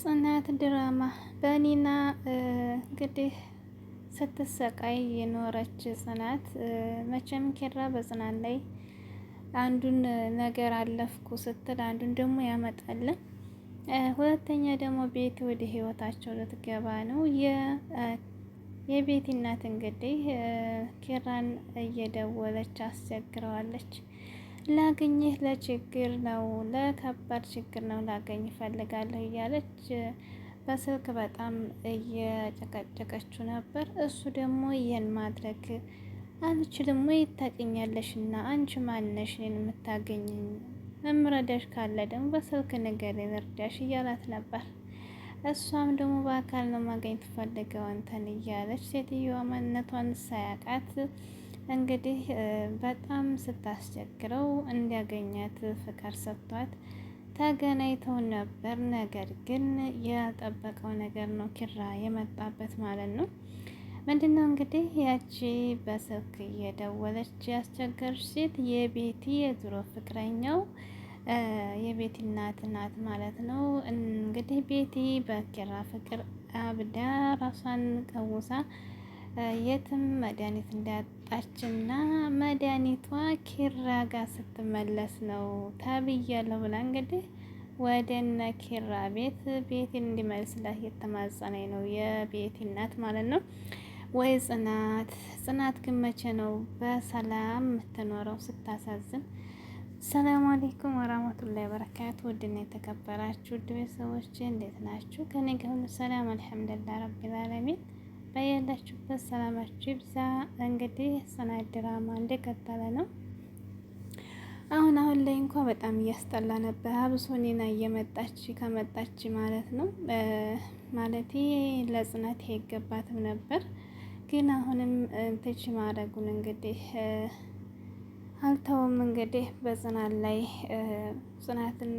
ጽናት ድራማ በኒና እንግዲህ ስትሰቃይ የኖረች ጽናት መቼም ኬራ በጽናት ላይ አንዱን ነገር አለፍኩ ስትል አንዱን ደግሞ ያመጣልን። ሁለተኛ ደግሞ ቤት ወደ ህይወታቸው ልትገባ ነው። የቤቲ እናት እንግዲህ ኬራን እየደወለች አስቸግረዋለች። ላገኝህ ለችግር ነው ለከባድ ችግር ነው ላገኝ ፈልጋለሁ እያለች በስልክ በጣም እየጨቀጨቀችው ነበር። እሱ ደግሞ ይህን ማድረግ አልችልም ወይ ታቅኛለሽ እና አንቺ ማነሽ እኔን የምታገኝኝ? እምረዳሽ ካለ ደግሞ በስልክ ነገር ልርዳሽ እያላት ነበር። እሷም ደግሞ በአካል ነው ማገኝ ትፈልገው አንተን እያለች ሴትዮዋ ማንነቷን ሳያቃት። እንግዲህ በጣም ስታስቸግረው እንዲያገኛት ፍቃድ ሰጥቷት ተገናኝተው ነበር። ነገር ግን ያልጠበቀው ነገር ነው ኪራ የመጣበት ማለት ነው። ነው እንግዲህ ያቺ በስልክ እየደወለች ያስቸገር ሴት የቤቲ የድሮ ፍቅረኛው የቤቲ እናት ናት ማለት ነው። እንግዲህ ቤቲ በኪራ ፍቅር አብዳ ራሷን ቀውሳ የትም መድኃኒት እንዳጣችና መድኃኒቷ ኪራ ጋር ስትመለስ ነው ተብያለሁ ብላ እንግዲህ ወደነ ኪራ ቤት ቤቴን እንዲመልስላት እየተማጸነኝ ነው የቤቴ እናት ማለት ነው። ወይ ጽናት ጽናት ግን መቼ ነው በሰላም የምትኖረው? ስታሳዝን። ሰላም አለይኩም ወራህመቱላሂ ወበረካቱ። ውድና የተከበራችሁ ውድ ቤተሰቦች እንዴት ናችሁ? ከኔ ጋር ሁሉ ሰላም አልሐምዱሊላህ ረቢል ዓለሚን በያላችሁበት ሰላማችሁ ይብዛ። እንግዲህ ጽናት ድራማ እንደቀጠለ ነው። አሁን አሁን ላይ እንኳ በጣም እያስጠላ ነበር። አብሶ እየመጣች ከመጣች ማለት ነው ማለት ለጽናት አይገባትም ነበር፣ ግን አሁንም ትች ማድረጉን እንግዲህ አልተውም። እንግዲህ በጽናት ላይ ጽናትን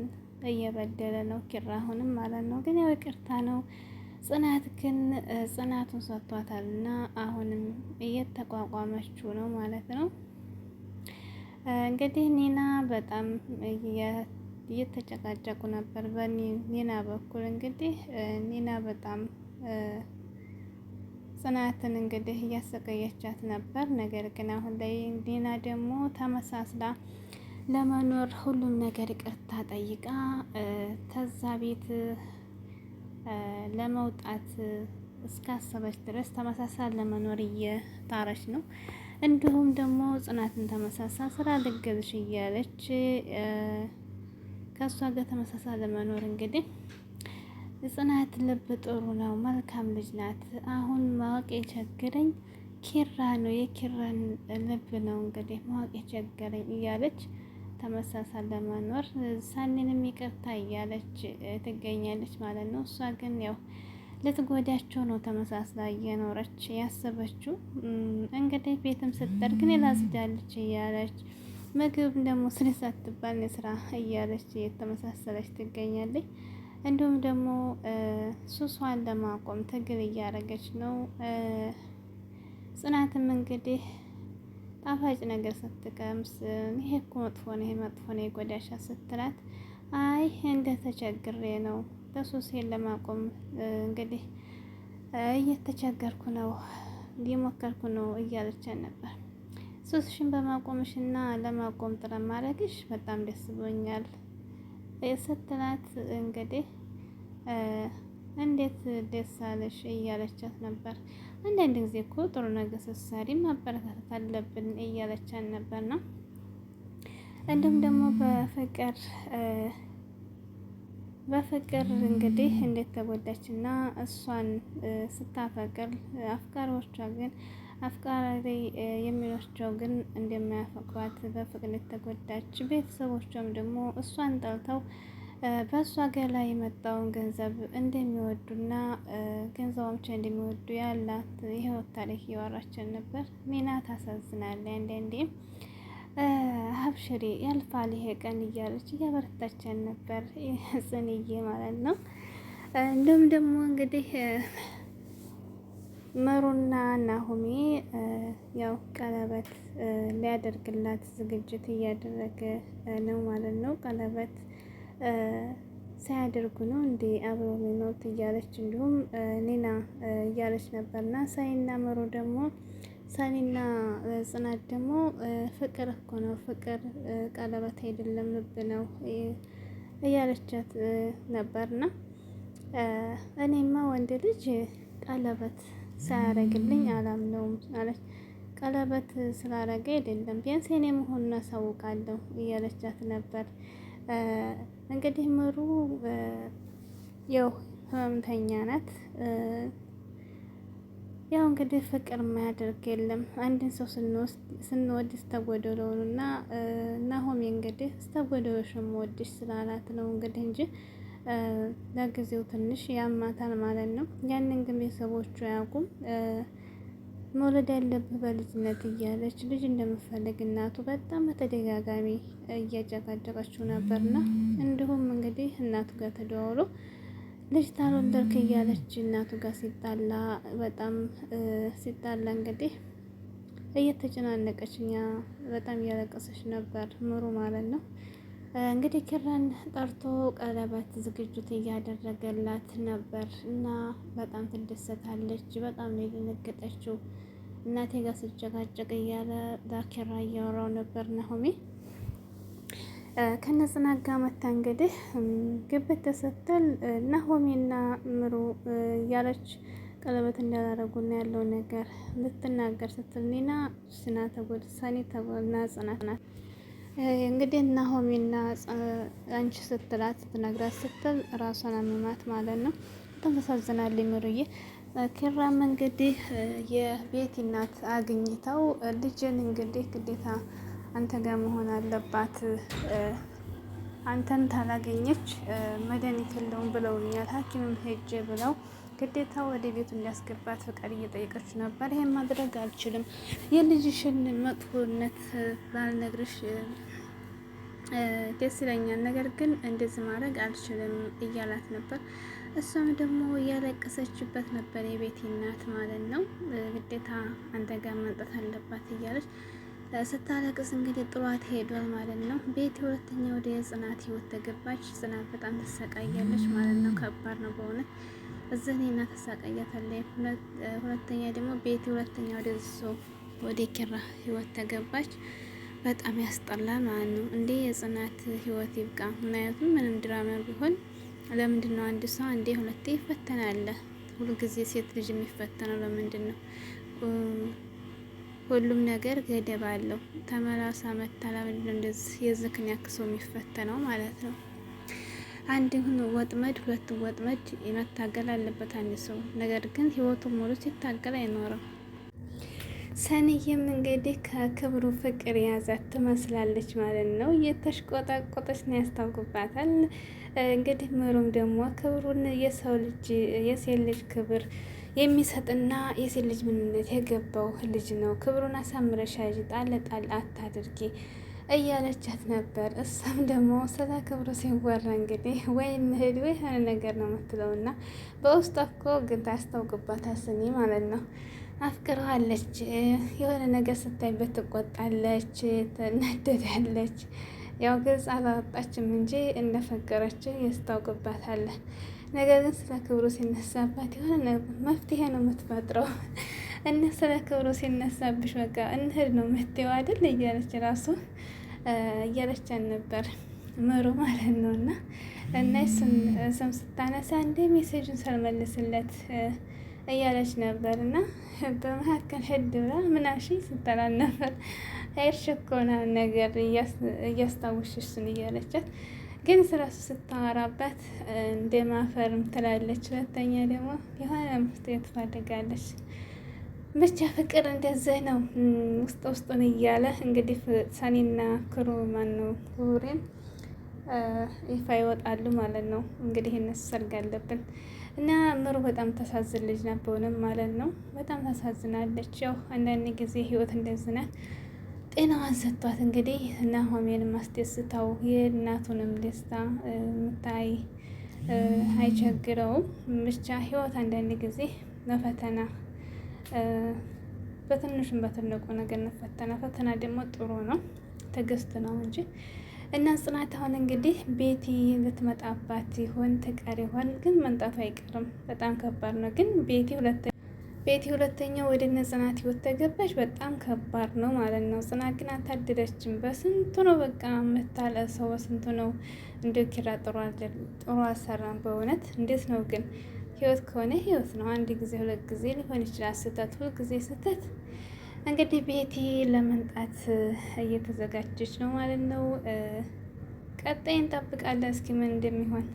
እየበደለ ነው ኪራ አሁንም ማለት ነው። ግን ያው ይቅርታ ነው ጽናት ግን ጽናቱን እና አሁንም እየተቋቋመችው ነው ማለት ነው። እንግዲህ ኒና በጣም እየተጨቃጨቁ ነበር። በኒና በኩል እንግዲህ ኒና በጣም ጽናትን እንግዲህ እያሰቀየቻት ነበር። ነገር ግን አሁን ላይ ኒና ደግሞ ተመሳስላ ለመኖር ሁሉም ነገር ይቅርታ ጠይቃ ተዛ ቤት ለመውጣት እስካሰበች ድረስ ተመሳሳይ ለመኖር እየጣረች ነው። እንዲሁም ደግሞ ጽናትን ተመሳሳይ ስራ ልገዝሽ እያለች ከእሷ ጋር ተመሳሳይ ለመኖር እንግዲህ ጽናት ልብ ጥሩ ነው፣ መልካም ልጅ ናት። አሁን ማወቅ የቸገረኝ ኪራ ነው፣ የኪራን ልብ ነው እንግዲህ ማወቅ የቸገረኝ እያለች ተመሳሳል ለመኖር ሳንንም ይቅርታ እያለች ትገኛለች ማለት ነው። እሷ ግን ያው ልትጎዳቸው ነው ተመሳስላ እየኖረች ያሰበችው። እንግዲህ ቤትም ስትጠርግ ግን ላጽዳለች እያለች ምግብ ደግሞ ስሪ ሳትባል ስራ እያለች የተመሳሰለች ትገኛለች። እንዲሁም ደግሞ ሱሷን ለማቆም ትግል እያደረገች ነው። ጽናትም እንግዲህ ጣፋጭ ነገር ስትቀምስ ይሄ እኮ መጥፎ ነው፣ ይሄ መጥፎ ነው የጎዳሻ ስትላት፣ አይ እንደ ተቸግሬ ነው በሱሴን ለማቆም እንግዲህ እየተቸገርኩ ነው እየሞከርኩ ነው እያለችን ነበር። ሱስሽን በማቆምሽና ለማቆም ጥረት ማድረግሽ በጣም ደስ ብሎኛል ስትላት እንግዲህ እንዴት ደስ አለሽ እያለቻት ነበር። አንዳንድ ጊዜ እኮ ጥሩ ነገር ስትሰሪ ማበረታታት አለብን እያለቻን ነበር ነው እንዲሁም ደግሞ በፍቅር በፍቅር እንግዲህ እንዴት ተጎዳች እና እሷን ስታፈቅር አፍቃሪዎቿ ግን አፍቃሪ የሚሏቸው ግን እንደማያፈቅሯት በፍቅር እንደተጎዳች ቤተሰቦቿም ደግሞ እሷን ጠልተው በእሷ ሀገር ላይ የመጣውን ገንዘብ እንደሚወዱና ገንዘባቸው እንደሚወዱ ያላት የህይወት ታሪክ እያወራችን ነበር። ሚና ታሳዝናለች። አንዳንዴም ሀብሽሬ ያልፋል ይሄ ቀን እያለች እያበረታችን ነበር፣ ጽንዬ ማለት ነው። እንዲሁም ደግሞ እንግዲህ መሩና ናሆሜ ያው ቀለበት ሊያደርግላት ዝግጅት እያደረገ ነው ማለት ነው ቀለበት ሳያደርጉ ነው እንዴ አብረው የሚኖሩት እያለች እንዲሁም ኒና እያለች ነበርና ሳይና መሮ ደግሞ ሳኒና ጽናት ደግሞ ፍቅር እኮ ነው ፍቅር ቀለበት አይደለም ልብ ነው እያለቻት ነበርና እኔማ ወንድ ልጅ ቀለበት ሳያረግልኝ አላምነውም አለች። ቀለበት ስላረገ አይደለም ቢያንስ የኔ መሆኑን አሳውቃለሁ እያለቻት ነበር። እንግዲህ ምሩ ያው ህመምተኛ ናት። ያው እንግዲህ ፍቅር የማያደርግ የለም። አንድን ሰው ስንወድ ስተጎደለው እና ናሆሜ እንግዲህ ስተጎደሎሽ የምወድሽ ስላላት ነው እንግዲህ እንጂ ለጊዜው ትንሽ ያማታል ማለት ነው። ያንን ግን ቤተሰቦቹ አያውቁም። መውለድ ያለብህ በልጅነት እያለች ልጅ እንደምፈልግ እናቱ በጣም በተደጋጋሚ እያጨቃጨቀችው ነበርና እንዲሁም እንግዲህ እናቱ ጋር ተደዋውሎ ልጅ ታልወለድክ እያለች እናቱ ጋር ሲጣላ በጣም ሲጣላ እንግዲህ እየተጨናነቀች እኛ በጣም እያለቀሰች ነበር ምሩ ማለት ነው። እንግዲህ ኪራን ጠርቶ ቀለበት ዝግጅት እያደረገላት ነበር እና በጣም ትደሰታለች። በጣም ነው የደነገጠችው። እናቴ ጋር ስጨቃጨቅ እያለ ዳኪራ እያወራው ነበር ናሆሜ ከነጽናጋ መታ እንግዲህ ግብት ተሰጥተል ናሆሜና ምሩ እያለች ቀለበት እንዳላረጉና ያለው ነገር ልትናገር ስትል ኒና ስና ተጎድሳኔ ተጎና ጽናት ናት እንግዲህ ናሆሜና አንቺ ስትላት ስትነግራት ስትል ራሷን አመማት ማለት ነው። በጣም ተሳዝናል ምሩዬ። ኪራም እንግዲህ የቤቲ እናት አግኝተው ልጅን እንግዲህ ግዴታ አንተ ጋር መሆን አለባት አንተን ታላገኘች መድኃኒት የለውም ብለውኛል፣ ሐኪምም ሄጀ ብለው ግዴታ ወደ ቤቱ እንዲያስገባት ፈቃድ እየጠየቀች ነበር። ይሄን ማድረግ አልችልም፣ የልጅሽን መጥፎነት ባልነግርሽ ደስ ይለኛል፣ ነገር ግን እንደዚህ ማድረግ አልችልም እያላት ነበር። እሷም ደግሞ እያለቀሰችበት ነበር፣ የቤቲ እናት ማለት ነው። ግዴታ አንተ ጋር መምጣት አለባት እያለች ስታለቅስ እንግዲህ ጥሏት ሄዷል ማለት ነው። ቤቲ ሁለተኛ ወደ የጽናት ህይወት ተገባች። ጽናት በጣም ተሰቃያለች ማለት ነው። ከባድ ነው በእውነት እዚህ እኔና ተሰቃያታለች። ሁለተኛ ደግሞ ቤቲ ሁለተኛ ወደ ሶ ወደ ኪራ ህይወት ተገባች። በጣም ያስጠላል ማለት ነው። እንዴ የጽናት ህይወት ይብቃ። ምክንያቱም ምንም ድራማ ቢሆን ለምንድን ነው አንድ ሰው አንዴ ሁለቴ ይፈተናል? ሁሉ ጊዜ ሴት ልጅ የሚፈተነው ለምንድን ነው? ሁሉም ነገር ገደብ አለው። ተመላሳ መታ ለምንድን እንደዚህ የዝክን ያክሰው የሚፈተነው ማለት ነው? አንድ ወጥመድ ሁለት ወጥመድ መታገል አለበት አንድ ሰው። ነገር ግን ህይወቱ ሙሉ ሲታገል አይኖርም። ሰንዬም እንግዲህ ከክብሩ ፍቅር የያዛት ትመስላለች ማለት ነው። የተሽቆጠቆጠች ነው ያስታውቅባታል። እንግዲህ ምሩም ደግሞ ክብሩን የሰው ልጅ የሴት ልጅ ክብር የሚሰጥና የሴት ልጅ ምንነት የገባው ልጅ ነው። ክብሩን አሳምረሻ ጣል ጣል አታድርጊ እያለቻት ነበር። እሷም ደግሞ ስለ ክብሩ ሲወራ እንግዲህ ወይ እንሂድ ወይ የሆነ ነገር ነው የምትለው እና በውስጧ እኮ ግን ታስታውቅባታል። ስሚ ማለት ነው አፍቅረዋለች። የሆነ ነገር ስታይበት ትቆጣለች፣ ትናደዳለች። ያው ግልጽ አላወጣችም እንጂ እንደፈቀረች ያስታውቅባታል። ነገር ግን ስለ ክብሩ ሲነሳባት የሆነ መፍትሄ ነው የምትፈጥረው። እነ ስለ ሲነሳብሽ በቃ እንሂድ ነው የምትይው አይደል እያለች ራሱ እያለችን ነበር ምሩ ማለት ነው። እና እና ስም ስታነሳ እንደ ሜሴጁን ሳልመልስለት እያለች ነበር እና በመካከል ሂድ ብላ ምናሽ ስትላል ነበር። ሄድሽ እኮ ምናምን ነገር እያስታወስሽ እሱን እያለቻት ግን ስለሱ ስታወራበት እንደ ማፈርም ትላለች። ሁለተኛ ደግሞ የሆነ ምስት ትፈልጋለች። ብቻ ፍቅር እንደዚህ ነው ውስጥ ውስጡን እያለ እንግዲህ ሰኔና ክሩ ማን ነው ክቡሬን ይፋ ይወጣሉ ማለት ነው። እንግዲህ እነሱ ሰርግ አለብን እና ምሩ በጣም ታሳዝን ልጅ ነበውንም ማለት ነው በጣም ተሳዝናለች። ያው አንዳንድ ጊዜ ህይወት እንደዝነ ጤናዋን ሰጥቷት እንግዲህ ሆሜን ማስደስታው የእናቱንም ደስታ ምታይ አይቸግረውም። ብቻ ህይወት አንዳንድ ጊዜ መፈተና በትንሹም በትልቁ ነገር እንፈተና። ፈተና ደግሞ ጥሩ ነው፣ ትዕግስት ነው እንጂ እና ጽናት አሁን እንግዲህ ቤቲ ልትመጣባት ይሆን ትቀር ይሆን? ግን መምጣቱ አይቀርም። በጣም ከባድ ነው። ግን ቤቲ ሁለተ ቤቲ ሁለተኛ ወደ እነ ጽናት ህይወት ተገባች። በጣም ከባድ ነው ማለት ነው። ጽናት ግን አታደለችም። በስንቱ ነው በቃ መታለ ሰው በስንቱ ነው እንደ ኪራ ጥሩ አሰራም በእውነት እንዴት ነው ግን ህይወት ከሆነ ህይወት ነው። አንድ ጊዜ ሁለት ጊዜ ሊሆን ይችላል ስህተት፣ ሁልጊዜ ስህተት። እንግዲህ ቤቲ ለመምጣት እየተዘጋጀች ነው ማለት ነው። ቀጣይ እንጠብቃለን እስኪ ምን እንደሚሆን